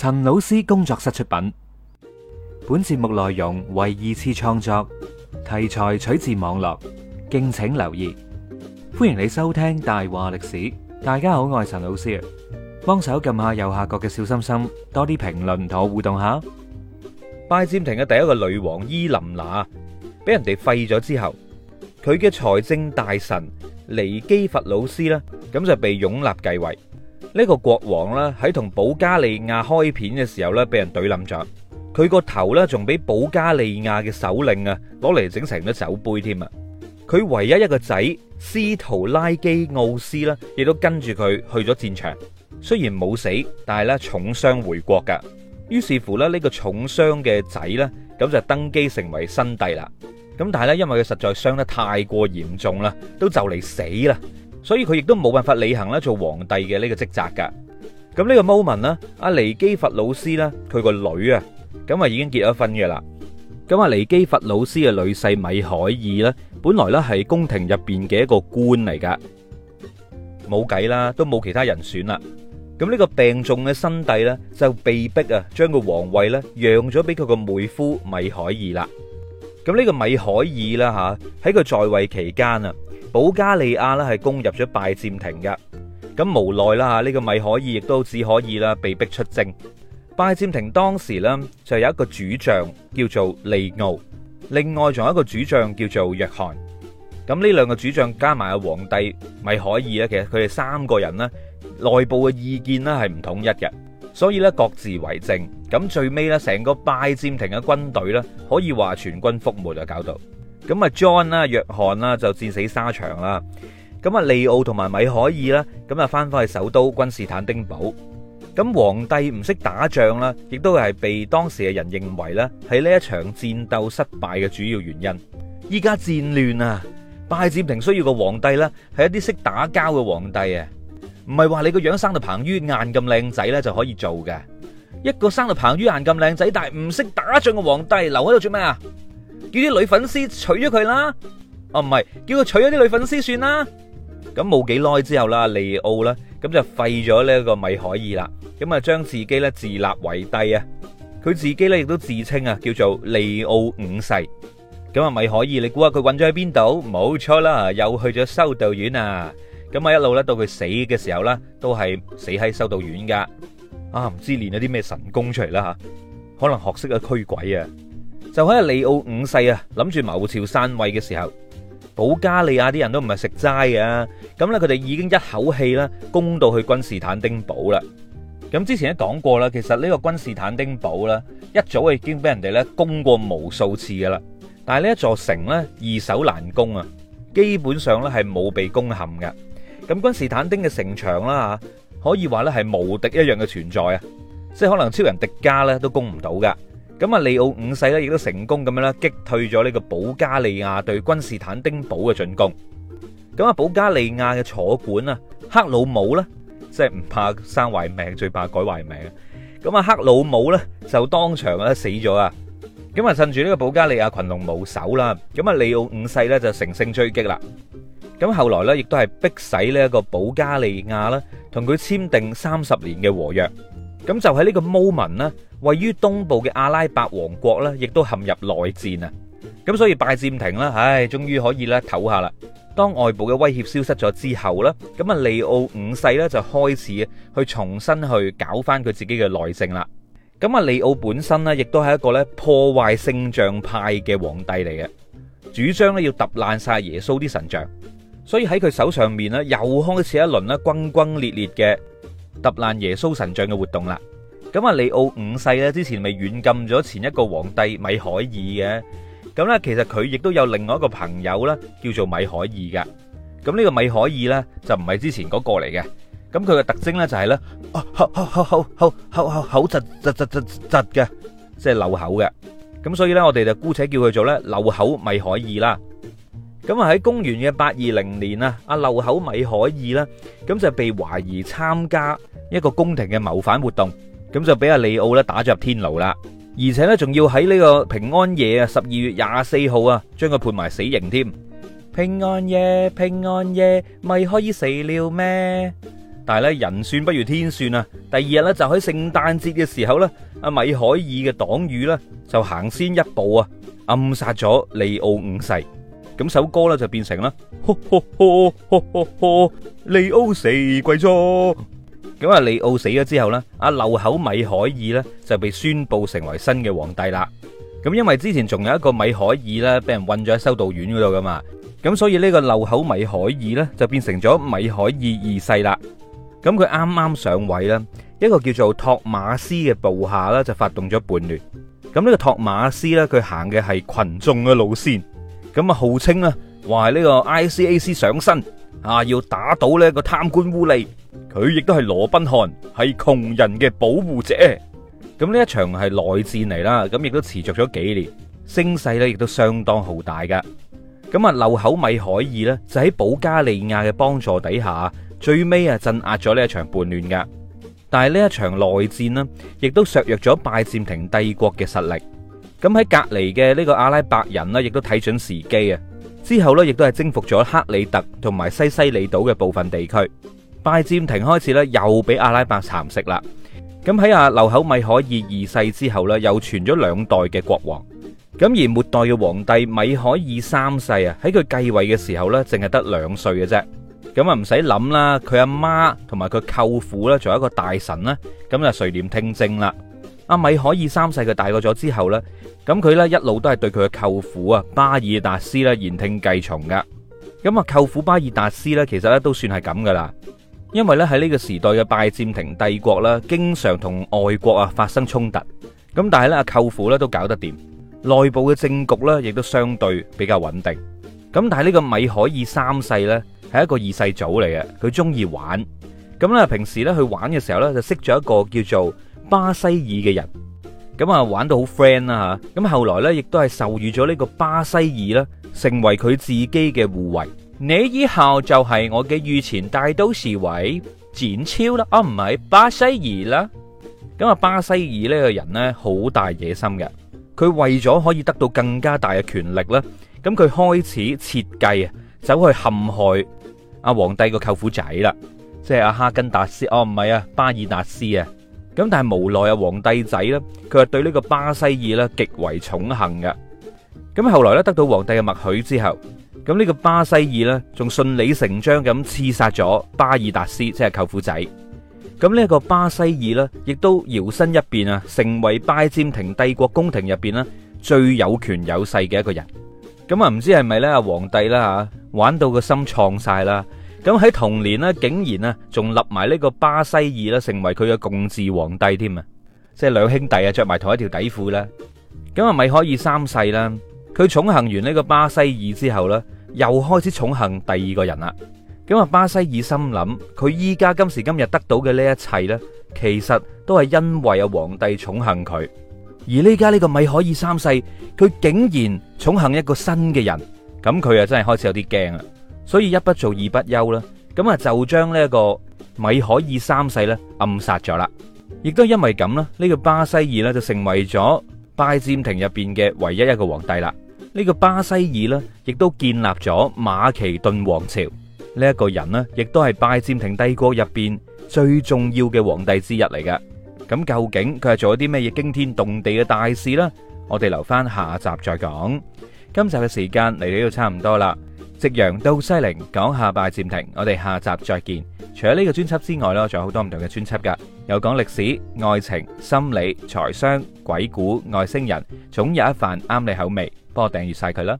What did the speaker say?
陳老師工作室出品，本節目內容為二次創作，題材取自網絡，敬請留意。歡迎你收聽大話歷史。大家好，我係陳老師啊，幫手撳下右下角嘅小心心，多啲評論同我互動下。拜占庭嘅第一個女王伊琳娜俾人哋廢咗之後，佢嘅財政大臣尼基佛老斯呢，咁就被擁立繼位。呢個國王啦，喺同保加利亞開片嘅時候咧，俾人懟冧咗。佢個頭咧，仲俾保加利亞嘅首領啊，攞嚟整成咗酒杯添啊！佢唯一一個仔斯圖拉基奧斯啦，亦都跟住佢去咗戰場，雖然冇死，但係咧重傷回國噶。於是乎咧，呢個重傷嘅仔咧，咁就登基成為新帝啦。咁但係咧，因為佢實在傷得太過嚴重啦，都就嚟死啦。所以佢亦都冇辦法履行咧做皇帝嘅呢個職責噶。咁呢個 moment 呢，阿尼基弗老師呢，佢個女啊，咁啊已經結咗婚嘅啦。咁阿尼基弗老師嘅女婿米海爾呢，本來呢係宮廷入邊嘅一個官嚟噶，冇計啦，都冇其他人選啦。咁呢個病重嘅新帝呢，就被迫啊將個皇位呢讓咗俾佢個妹夫米海爾啦。咁呢個米海爾啦吓，喺佢在位期間啊，保加利亞啦係攻入咗拜占庭嘅，咁無奈啦吓，呢個米海爾亦都只可以啦被逼出征。拜占庭當時呢，就有一個主將叫做利奧，另外仲有一個主將叫做約翰。咁呢兩個主將加埋阿皇帝米海爾咧，其實佢哋三個人咧內部嘅意見咧係唔統一嘅。所以咧，各自為政。咁最尾咧，成個拜占庭嘅軍隊咧，可以話全軍覆沒就搞到。咁啊，John 啦、約翰啦就戰死沙場啦。咁啊，利奧同埋米海爾咧，咁啊翻返去首都君士坦丁堡。咁皇帝唔識打仗啦，亦都係被當時嘅人認為咧，係呢一場戰鬥失敗嘅主要原因。依家戰亂啊，拜占庭需要個皇帝咧，係一啲識打交嘅皇帝啊。唔係話你個樣生到彭于晏咁靚仔咧就可以做嘅，一個生到彭于晏咁靚仔但係唔識打仗嘅皇帝留喺度做咩啊？叫啲女粉絲娶咗佢啦，哦唔係叫佢娶咗啲女粉絲算啦咁冇幾耐之後啦利奧啦咁就廢咗呢一個米海爾啦，咁啊將自己咧自立為帝啊佢自己咧亦都自稱啊，叫做利奧五世。咁啊，一路咧到佢死嘅時候咧，都係死喺修道院噶。啊，唔知練咗啲咩神功出嚟啦吓，可能學識咗驅鬼啊。就喺利奧五世啊，諗住謀朝篡位嘅時候，保加利亞啲人都唔係食齋嘅。咁咧，佢哋已經一口氣咧攻到去君士坦丁堡啦。咁之前都講過啦，其實呢個君士坦丁堡咧一早已經俾人哋咧攻過無數次噶啦，但係呢一座城咧易守難攻啊，基本上咧係冇被攻陷嘅。咁君士坦丁嘅城牆啦吓，可以話咧係無敵一樣嘅存在啊，即係可能超人迪迦咧都攻唔到噶。咁啊，利奧五世咧亦都成功咁樣咧擊退咗呢個保加利亞對君士坦丁堡嘅進攻。咁啊，保加利亞嘅坐管啊，克魯姆咧，即係唔怕生壞命，最怕改壞命。咁啊，克魯姆咧就當場咧死咗啊。咁啊，趁住呢個保加利亞群龍無首啦，咁啊，利奧五世咧就乘勝追擊啦。咁後來咧，亦都係逼使呢一個保加利亞啦，同佢簽訂三十年嘅和約。咁就喺呢個 moment，位於東部嘅阿拉伯王國咧，亦都陷入內戰啊。咁所以拜占庭啦，唉，終於可以咧唞下啦。當外部嘅威脅消失咗之後咧，咁啊，利奧五世咧就開始去重新去搞翻佢自己嘅內政啦。咁啊，利奧本身咧，亦都係一個咧破壞聖像派嘅皇帝嚟嘅，主張咧要揼爛晒耶穌啲神像。所以喺佢手上面咧，又開始一輪咧，轟轟烈烈嘅揼爛耶穌神像嘅活動啦。咁啊，利奧五世咧之前咪軟禁咗前一個皇帝米海爾嘅，咁咧其實佢亦都有另外一個朋友咧，叫做米海爾嘅。咁呢個米海爾咧就唔係之前嗰個嚟嘅。咁佢嘅特徵咧就係咧，口口口口口口口口口窒窒窒窒嘅，即係漏口嘅。咁所以咧，我哋就姑且叫佢做咧漏口米海爾啦。咁啊！喺公元嘅八二零年啊，阿漏口米海爾啦，咁就被懷疑參加一個宮廷嘅謀反活動，咁就俾阿利奧咧打咗入天牢啦，而且咧仲要喺呢個平安夜啊，十二月廿四號啊，將佢判埋死刑添。平安夜，平安夜，咪可以死了咩？但係咧，人算不如天算啊！第二日咧就喺聖誕節嘅時候咧，阿米海爾嘅黨羽咧就行先一步啊，暗殺咗利奧五世。咁首歌咧就變成啦，利奧死鬼咗。咁啊，利奧死咗之後咧，阿漏口米海爾咧就被宣布成為新嘅皇帝啦。咁因為之前仲有一個米海爾咧，俾人困咗喺修道院嗰度噶嘛。咁所以呢個漏口米海爾咧就變成咗米海爾二世啦。咁佢啱啱上位啦，一個叫做托馬斯嘅部下啦就發動咗叛亂。咁呢個托馬斯咧，佢行嘅係群眾嘅路線。咁啊，號稱啊，話係呢個 ICAC 上身啊，要打倒呢個貪官污吏。佢亦都係羅賓漢，係窮人嘅保護者。咁呢一場係內戰嚟啦，咁亦都持續咗幾年，聲勢咧亦都相當浩大噶。咁啊，漏口米海爾呢，就喺保加利亞嘅幫助底下，最尾啊鎮壓咗呢一場叛亂噶。但係呢一場內戰咧，亦都削弱咗拜占庭帝國嘅實力。咁喺隔籬嘅呢個阿拉伯人呢，亦都睇準時機啊。之後呢，亦都係征服咗克里特同埋西西里島嘅部分地區。拜占庭開始呢，又俾阿拉伯蠶食啦。咁喺阿漏口米海爾二世之後呢，又傳咗兩代嘅國王。咁而末代嘅皇帝米海爾三世啊，喺佢繼位嘅時候呢，淨係得兩歲嘅啫。咁啊，唔使諗啦，佢阿媽同埋佢舅父呢，仲有一個大臣呢，咁就垂簾聽政啦。阿米海爾三世佢大個咗之後呢，咁佢呢一路都係對佢嘅舅父啊巴爾達斯咧言聽計從噶。咁啊，舅父巴爾達斯呢，其實呢都算係咁噶啦。因為呢喺呢個時代嘅拜占庭帝國呢，經常同外國啊發生衝突。咁但係呢，阿舅父呢都搞得掂，內部嘅政局呢，亦都相對比較穩定。咁但係呢個米海爾三世呢，係一個二世祖嚟嘅，佢中意玩。咁呢，平時呢去玩嘅時候呢，就識咗一個叫做。巴西爾嘅人，咁啊玩到好 friend 啦吓，咁後來呢，亦都係授予咗呢個巴西爾啦，成為佢自己嘅護衛。你以後就係我嘅御前大都侍衛，展昭啦，啊唔係巴西爾啦。咁啊，巴西爾呢個人呢，好大野心嘅，佢為咗可以得到更加大嘅權力啦，咁佢開始設計啊，走去陷害阿皇帝個舅父仔啦，即係阿哈根達斯，哦唔係啊，啊巴爾達斯啊。咁但係無奈啊，皇帝仔啦，佢係對呢個巴西爾呢極為寵幸嘅。咁後來咧，得到皇帝嘅默許之後，咁、這、呢個巴西爾呢仲順理成章咁刺殺咗巴爾達斯，即係舅父仔。咁呢一個巴西爾呢，亦都搖身一變啊，成為拜占庭帝國宮廷入邊啦最有權有勢嘅一個人。咁啊，唔知係咪呢阿皇帝啦吓，玩到個心創晒啦。咁喺同年咧，竟然咧仲立埋呢個巴西爾啦，成為佢嘅共治皇帝添啊！即係兩兄弟啊，着埋同一條底褲啦。咁啊，米海爾三世啦，佢寵幸完呢個巴西爾之後呢，又開始寵幸第二個人啦。咁啊，巴西爾心諗，佢依家今時今日得到嘅呢一切呢，其實都係因為有皇帝寵幸佢。而呢家呢個米海爾三世，佢竟然寵幸一個新嘅人，咁佢啊真係開始有啲驚啊！所以一不做二不休啦，咁啊就將呢一個米海爾三世咧暗殺咗啦，亦都因為咁啦，呢個巴西爾呢就成為咗拜占庭入邊嘅唯一一個皇帝啦。呢個巴西爾呢，亦都建立咗馬其頓王朝，呢一個人呢，亦都係拜占庭帝國入邊最重要嘅皇帝之一嚟嘅。咁究竟佢係做咗啲咩嘢驚天動地嘅大事呢？我哋留翻下集再講。今集嘅時間嚟到差唔多啦。夕陽到西陵，講下拜占庭，我哋下集再見。除咗呢個專輯之外呢，仲有好多唔同嘅專輯噶，有講歷史、愛情、心理、財商、鬼故、外星人，總有一份啱你口味。幫我訂閱晒佢啦！